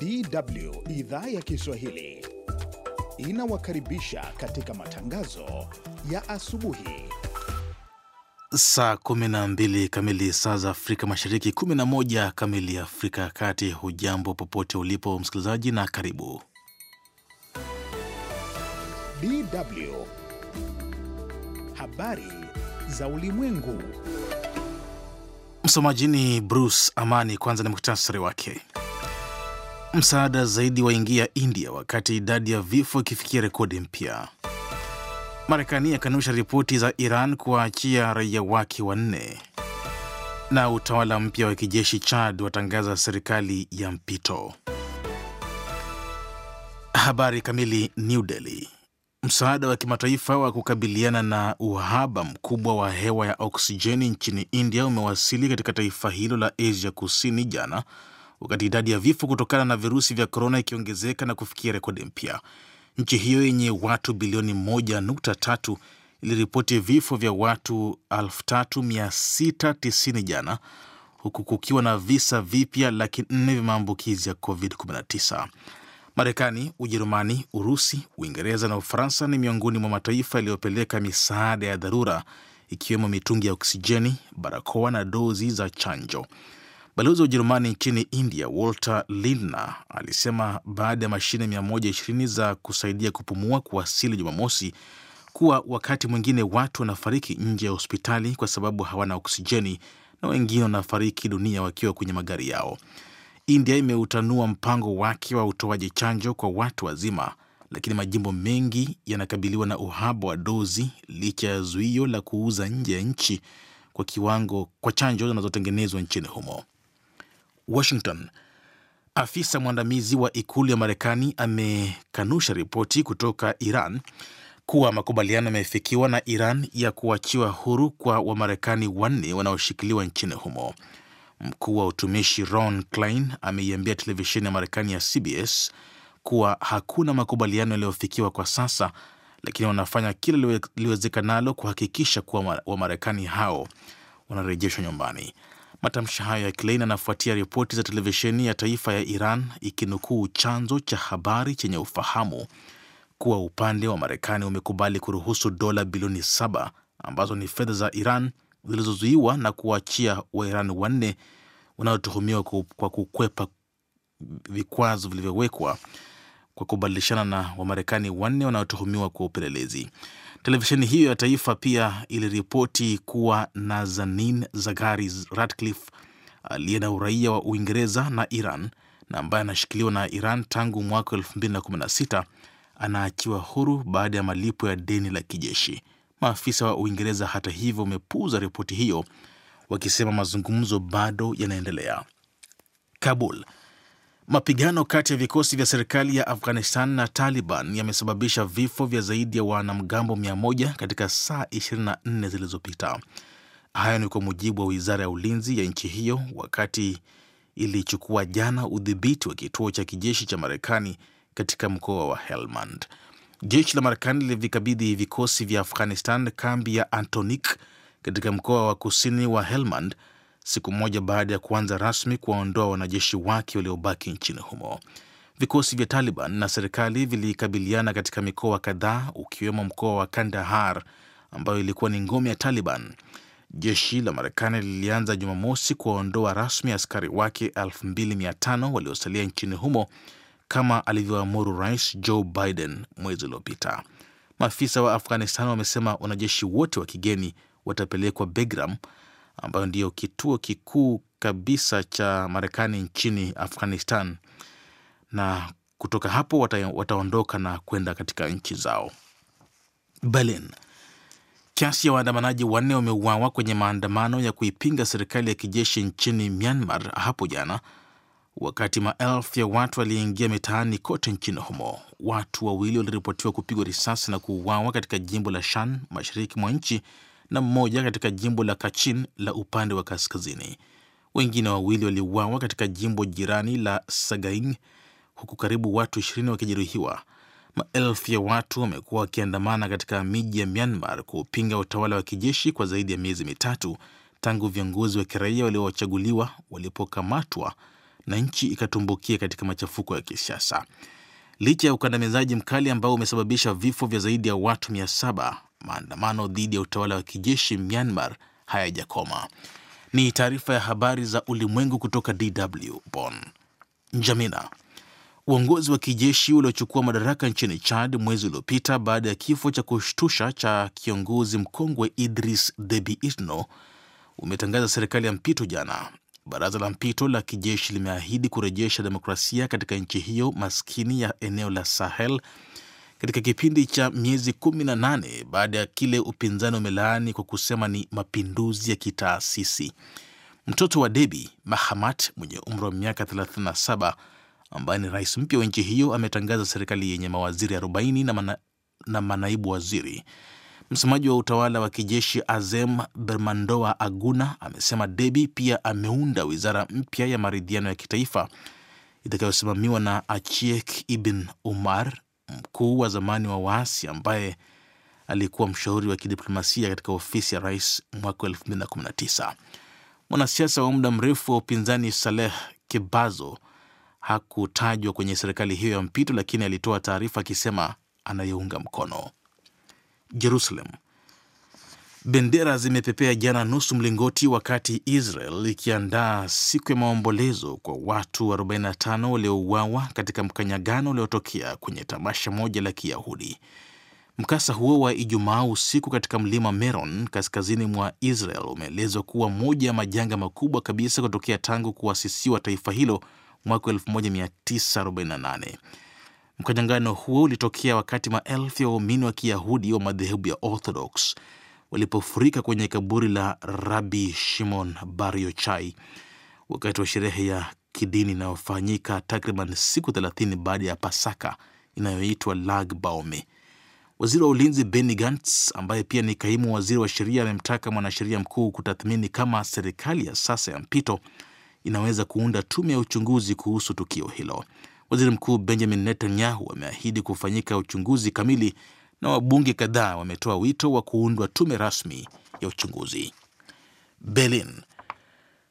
DW idhaa ya Kiswahili inawakaribisha katika matangazo ya asubuhi saa 12 kamili saa za Afrika Mashariki, 11 kamili Afrika ya Kati. Hujambo popote ulipo msikilizaji, na karibu. DW habari za ulimwengu. Msomaji ni Bruce Amani. Kwanza ni muhtasari wake. Msaada zaidi waingia India wakati idadi ya vifo ikifikia rekodi mpya. Marekani yakanusha ripoti za Iran kuwaachia raia wake wanne, na utawala mpya wa kijeshi Chad watangaza serikali ya mpito. Habari kamili. New Delhi. Msaada wa kimataifa wa kukabiliana na uhaba mkubwa wa hewa ya oksijeni nchini India umewasili katika taifa hilo la Asia Kusini jana wakati idadi ya vifo kutokana na virusi vya korona ikiongezeka na kufikia rekodi mpya. Nchi hiyo yenye watu bilioni 1.3 iliripoti vifo vya watu 3690 jana huku kukiwa na visa vipya laki 4 vya maambukizi ya COVID-19. Marekani, Ujerumani, Urusi, Uingereza na Ufaransa ni miongoni mwa mataifa yaliyopeleka misaada ya dharura ikiwemo mitungi ya oksijeni, barakoa na dozi za chanjo. Balozi wa Ujerumani nchini India Walter Lindner alisema baada ya mashine 120 za kusaidia kupumua kuwasili Jumamosi kuwa wakati mwingine watu wanafariki nje ya hospitali kwa sababu hawana oksijeni na wengine wanafariki dunia wakiwa kwenye magari yao. India imeutanua mpango wake wa utoaji chanjo kwa watu wazima, lakini majimbo mengi yanakabiliwa na uhaba wa dozi licha ya zuio la kuuza nje ya nchi kwa kiwango kwa chanjo zinazotengenezwa nchini humo. Washington. Afisa mwandamizi wa ikulu ya Marekani amekanusha ripoti kutoka Iran kuwa makubaliano yamefikiwa na Iran ya kuachiwa huru kwa Wamarekani wanne wanaoshikiliwa nchini humo. Mkuu wa utumishi Ron Klein ameiambia televisheni ya Marekani ya CBS kuwa hakuna makubaliano yaliyofikiwa kwa sasa, lakini wanafanya kila liwezekanalo kuhakikisha kuwa Wamarekani hao wanarejeshwa nyumbani. Matamshi hayo ya Klein anafuatia ripoti za televisheni ya taifa ya Iran ikinukuu chanzo cha habari chenye ufahamu kuwa upande wa Marekani umekubali kuruhusu dola bilioni saba ambazo ni fedha za Iran zilizozuiwa na kuwaachia wairan wanne wanaotuhumiwa kwa kukwepa vikwazo vilivyowekwa kwa kubadilishana na Wamarekani wanne wanaotuhumiwa kwa upelelezi. Televisheni hiyo ya taifa pia iliripoti kuwa Nazanin Zaghari Ratcliffe aliye na uraia wa Uingereza na Iran na ambaye anashikiliwa na Iran tangu mwaka 2016 anaachiwa huru baada ya malipo ya deni la kijeshi. Maafisa wa Uingereza hata hivyo wamepuuza ripoti hiyo wakisema mazungumzo bado yanaendelea. Kabul Mapigano kati ya vikosi vya serikali ya Afghanistan na Taliban yamesababisha vifo vya zaidi ya wanamgambo 100 katika saa 24 zilizopita. Hayo ni kwa mujibu wa wizara ya ulinzi ya nchi hiyo, wakati ilichukua jana udhibiti wa kituo cha kijeshi cha Marekani katika mkoa wa Helmand. Jeshi la Marekani lilivikabidhi vikosi vya Afghanistan kambi ya Antonik katika mkoa wa kusini wa Helmand siku moja baada ya kuanza rasmi kuwaondoa wanajeshi wake waliobaki nchini humo. Vikosi vya Taliban na serikali vilikabiliana katika mikoa kadhaa ukiwemo mkoa wa Kandahar ambayo ilikuwa ni ngome ya Taliban. Jeshi la Marekani lilianza Jumamosi kuwaondoa rasmi askari wake 2500 waliosalia nchini humo kama alivyoamuru Rais Joe Biden mwezi uliopita. Maafisa wa Afghanistan wamesema wanajeshi wote wa kigeni watapelekwa begram ambayo ndiyo kituo kikuu kabisa cha Marekani nchini Afghanistan, na kutoka hapo wata, wataondoka na kwenda katika nchi zao. Berlin. Kiasi ya waandamanaji wanne wameuawa kwenye maandamano ya kuipinga serikali ya kijeshi nchini Myanmar hapo jana, wakati maelfu ya watu waliingia mitaani kote nchini humo. Watu wawili waliripotiwa kupigwa risasi na kuuawa katika jimbo la Shan mashariki mwa nchi na mmoja katika jimbo la Kachin la upande wa kaskazini. Wengine wawili waliuawa katika jimbo jirani la Sagaing, huku karibu watu 20 wakijeruhiwa. Maelfu ya watu wamekuwa wakiandamana katika miji ya Myanmar kuupinga utawala wa kijeshi kwa zaidi ya miezi mitatu tangu viongozi wa kiraia waliochaguliwa walipokamatwa na nchi ikatumbukia katika machafuko ya kisiasa. Licha ya ukandamizaji mkali ambao umesababisha vifo vya zaidi ya watu mia saba, maandamano dhidi ya utawala wa kijeshi Myanmar hayajakoma. Ni taarifa ya habari za ulimwengu kutoka DW Bonn. Njamina. Uongozi wa kijeshi uliochukua madaraka nchini Chad mwezi uliopita baada ya kifo cha kushtusha cha kiongozi mkongwe Idris Deby Itno umetangaza serikali ya mpito jana. Baraza la mpito la kijeshi limeahidi kurejesha demokrasia katika nchi hiyo maskini ya eneo la Sahel katika kipindi cha miezi 18 baada ya kile upinzani umelaani kwa kusema ni mapinduzi ya kitaasisi. Mtoto wa Debi Mahamat mwenye umri wa miaka 37 ambaye ni rais mpya wa nchi hiyo ametangaza serikali yenye mawaziri 40 na, mana, na manaibu waziri. Msemaji wa utawala wa kijeshi Azem Bermandoa Aguna amesema Debi pia ameunda wizara mpya ya maridhiano ya kitaifa itakayosimamiwa na Achiek Ibn Umar mkuu wa zamani wa waasi ambaye alikuwa mshauri wa kidiplomasia katika ofisi ya rais mwaka 2019. Mwanasiasa wa muda mrefu wa upinzani Saleh Kibazo hakutajwa kwenye serikali hiyo ya mpito, lakini alitoa taarifa akisema anayeunga mkono Jerusalem. Bendera zimepepea jana nusu mlingoti wakati Israel ikiandaa siku ya maombolezo kwa watu 45 waliouawa katika mkanyagano uliotokea kwenye tamasha moja la Kiyahudi. Mkasa huo wa Ijumaa usiku katika mlima Meron kaskazini mwa Israel umeelezwa kuwa moja ya majanga makubwa kabisa kutokea tangu kuasisiwa taifa hilo mwaka 1948. Mkanyagano huo ulitokea wakati maelfu ya waumini wa Kiyahudi wa madhehebu ya Orthodox walipofurika kwenye kaburi la Rabi Shimon Bar Yochai wakati wa sherehe ya kidini inayofanyika takriban siku 30 baada ya Pasaka inayoitwa Lag Baome. Waziri wa ulinzi Benny Gantz, ambaye pia ni kaimu waziri wa sheria, amemtaka mwanasheria mkuu kutathmini kama serikali ya sasa ya mpito inaweza kuunda tume ya uchunguzi kuhusu tukio hilo. Waziri Mkuu Benjamin Netanyahu ameahidi kufanyika uchunguzi kamili na wabunge kadhaa wametoa wito wa kuundwa tume rasmi ya uchunguzi. Berlin.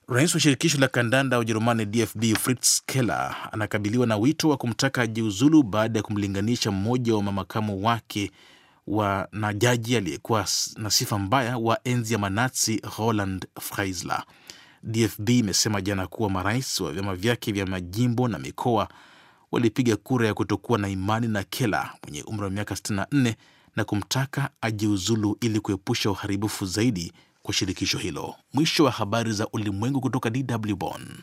Rais wa shirikisho la kandanda wa Ujerumani DFB Fritz Keller anakabiliwa na wito wa kumtaka ajiuzulu baada ya kumlinganisha mmoja wa mamakamu wake wa na jaji aliyekuwa na sifa mbaya wa enzi ya manazi Roland Freisler. DFB imesema jana kuwa marais wa vyama vyake vya majimbo na mikoa walipiga kura ya kutokuwa na imani na Kela mwenye umri wa miaka 64 na kumtaka ajiuzulu ili kuepusha uharibifu zaidi kwa shirikisho hilo. Mwisho wa habari za ulimwengu kutoka DW Bonn.